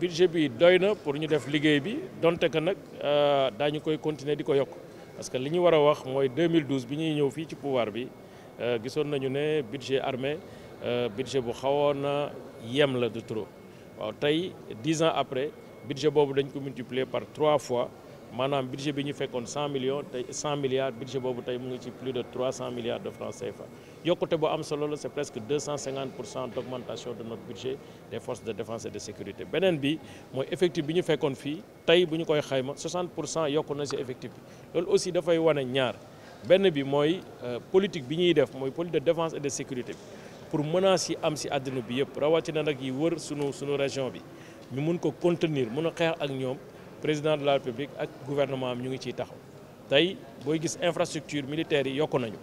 budget bi doy na pour ñu def liggéey bi donte que nag euh, daañu koy continuer di ko yokk parce que li ñu war a wax mooy 2012 bi ñuy ñëw fii ci pouvoir bi euh, gisoon nañu ne budget armée euh, budget bu xawoon na yem la de trop waaw tey 10 ans après budget boobu dañ ko multiplier par trois fois maanaam budget bi ñu fekkoon cent millions cent milliards budget boobu tey mu ngi ci plus de trois cent milliards de francs CFA yokkute bu am solo la c'est presque deux cent cinquante de notre budget des forces de défense et de sécurité beneen bi mooy effectif bi ñu fekkoon fii tey bu ñu koy xayma soixante pour cent yokku na si effectif bi loolu aussi dafay wane ñaar benn bi mooy euh, politique bi ñuy def mooy politique de défense et de sécurité bi pour menaces si am si àddina bi yëpp rawatina nag yi wër sunu sunu région bi ñu mun ko contenir mun a xeex ak ñoom. président de la république ak gouvernement am ñu ngi ciy taxaw tey booy gis infrastructure militaire yi yokku nañu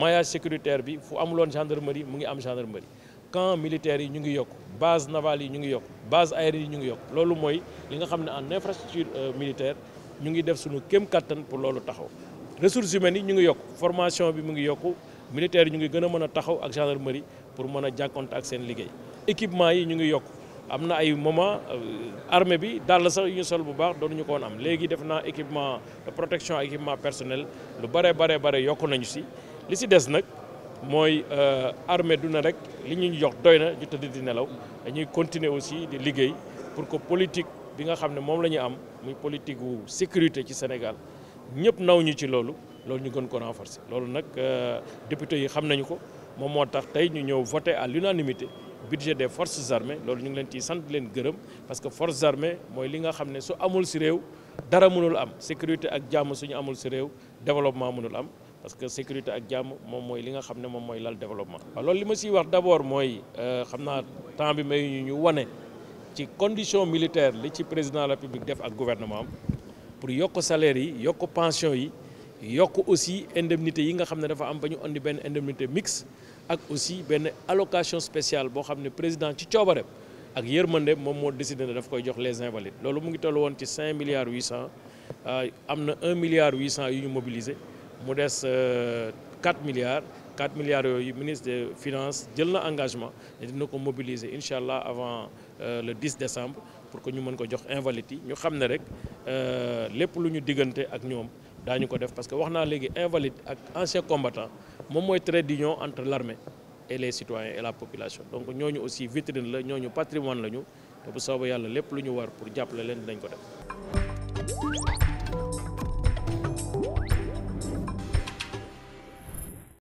maillage sécuritaire bi fu amuloon gendarmerie mu ngi am gendarmerie camp militaire yi ñu ngi yokk base navale yi ñu ngi yokk base aérienne yi ñu ngi yokk loolu mooy li nga xam ne en infrastructure euh, militaire ñu ngi def suñu kéem kattan pour loolu taxaw ressources humaines yi ñu ngi yokk formation bi mu ngi yokk militaire yi ñu ngi gën a mën a taxaw ak gendarmerie pour mën a jàkkoonte ak seen liggéey équipement yi ñu ngi yokk am na ay moment euh, armée bi dàll sax yu ñu sol bu baax doon ñu ko woon am léegi def naa équipement de protection équipement personnel lu bare bare bare yokk nañu si li si des nag mooy euh, armée du na rek li ñu jox doy na ñu tëdd di nelaw dañuy continuer aussi di liggéey pour que politique bi nga xam ne moom la ñu am muy politique wu sécurité ci Sénégal ñëpp naw ñu ci loolu loolu ñu gën ko renforcer loolu nag euh, député yi xam nañu ko moom moo tax tey ñu ñëw voté à l'unanimité budget des forces armées loolu ñu ngi leen ciy sant leen gërëm parce que forces armées mooy li nga xam ne su amul si réew dara mënul am sécurité ak jàmm suñu amul si réew développement mënul am parce que sécurité ak jàmm moom mooy li nga xam ne moom mooy lal développement. waaw loolu li ma siy wax d' abord mooy euh, xam naa temps bi may ñu ñu wane ci condition militaire li ci président la République def ak gouvernement pour yokk salaire yi yokk pension yi yokk aussi indemnité yi nga xam ne dafa am ba ñu andi benn indemnité mixte. ak aussi benn allocation spéciale boo xam ne président ci coobareem ak yërmande moom moo décidé ne daf koy jox les invalides loolu mu ngi toll woon ci cinq milliards huit cent euh, am na un milliard huit cent yu ñu mobilisé mu des euh, quatre milliards quatre milliards yooyu ministre des finances jël na engagement ne dina ko mobiliser incha allah avant euh, le 10 décembre pour que ñu mën ko jox invalides yi ñu xam ne rek lépp lu ñu diggante ak ñoom daañu ko def parce que wax naa léegi invalide ak ancien combattant moom mooy trait d'union entre l'armée et les citoyens et la population donc ñooñu aussi vitrine la ñooñu patrimoine la ñu te bu soobee yàlla lépp lu ñu war pour jàppale leen dinañ ko def.